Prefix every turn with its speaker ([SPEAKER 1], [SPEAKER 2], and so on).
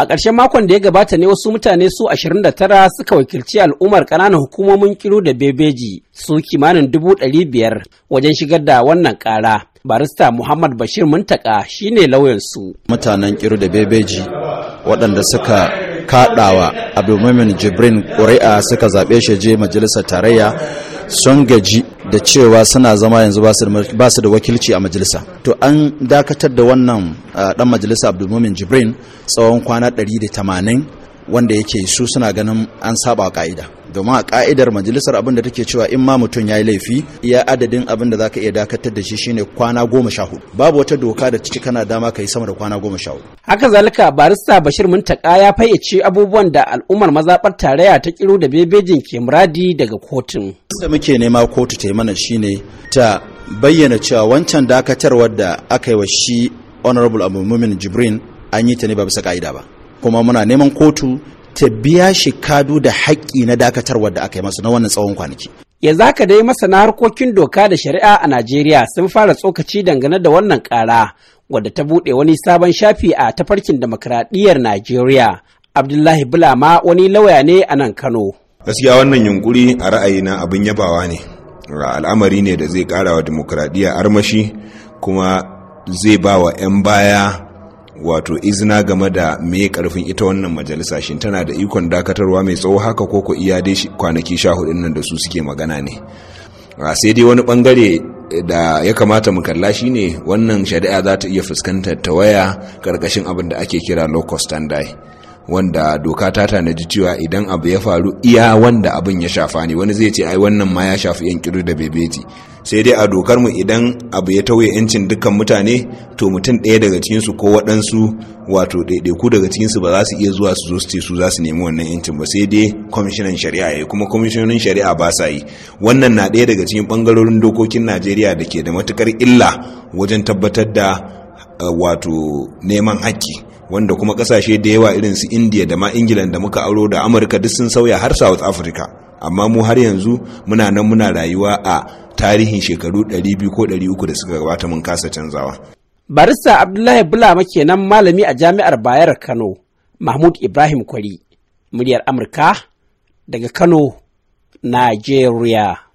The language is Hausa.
[SPEAKER 1] A ƙarshen makon da ya gabata ne wasu mutane su 29 suka wakilci al'ummar ƙananan hukumomin kiru da bebeji su kimanin dubu wajen shigar da wannan ƙara. Barista Muhammad Bashir Muntaka shine lauyansu.
[SPEAKER 2] Mutanen kiru da bebeji waɗanda suka kaɗawa Abdulmumin Jibrin ƙuri'a suka zaɓe shi je majalisar tarayya sun gaji da cewa suna zama yanzu ba su da wakilci a majalisa to an dakatar da wannan dan majalisa abdulmumin jibrin tsawon kwana 180 wanda yake su suna ganin an saba ka'ida domin a ka'idar majalisar abin da take cewa in ma mutum ya yi laifi iya adadin abin da zaka iya dakatar da shi shine kwana goma sha hudu babu wata doka da ciki kana dama ka yi sama da kwana goma sha hudu
[SPEAKER 1] haka zalika barista bashir muntaka ya fayyace abubuwan da al'ummar mazaɓar tarayya ta kiro da bebejin ke muradi
[SPEAKER 2] daga kotun da muke nema kotu ta yi mana shine ta bayyana cewa wancan dakatarwar da aka yi wa shi honorable abu mumin jibrin an yi ta ne ba bisa ka'ida ba kuma muna neman kotu ta biya shi kadu da haƙƙi na dakatarwa da aka yi masa na wannan tsawon kwanaki.
[SPEAKER 1] Ya zaka dai masana harkokin doka da shari'a a Najeriya sun fara tsokaci dangane da wannan ƙara wadda ta buɗe wani sabon shafi a tafarkin demokradiyyar Najeriya. Abdullahi Bulama wani lauya ne a nan Kano.
[SPEAKER 3] Gaskiya wannan yunkuri a ra'ayina abin yabawa ne. Al'amari ne da zai ƙara wa demokradiyya armashi kuma zai ba wa 'yan baya wato izina game da me karfin ita wannan majalisa shin tana da ikon dakatarwa mai tsawo haka ko ku iya dai kwanaki sha hudun nan da su suke magana ne sai dai wani bangare eh, da ya kamata mu kalla shine wannan shari'a za ta iya fuskantar ta waya karkashin abin da ake kira low cost and die wanda doka ta tanaji cewa idan abu ya faru iya wanda abin ya shafa ne wani zai ce ai wannan ma ya shafi yan kiru da bebeji sai dai a dokar mu idan abu ya tauye yancin dukkan mutane to mutum ɗaya daga cikin su ko waɗansu wato ɗaiɗaiku daga cikin su ba za su iya zuwa su zo su ce su za su nemi wannan yancin ba sai dai kwamishinan shari'a ya kuma kwamishinan shari'a ba sa yi wannan na ɗaya daga cikin bangarorin dokokin najeriya da ke da matukar illa wajen tabbatar da eh, wato neman haƙƙi wanda kuma kasashe da yawa irin su india da ma Ingila da muka auro da amurka duk sun sauya har south africa amma mu har yanzu muna nan muna rayuwa a tarihin shekaru 200 ko 300 da suka gabata mun kasa canzawa
[SPEAKER 1] barista abdullahi Bula bulama kenan malami a jami'ar bayar kano mahmud ibrahim kwari muryar amurka daga kano nigeria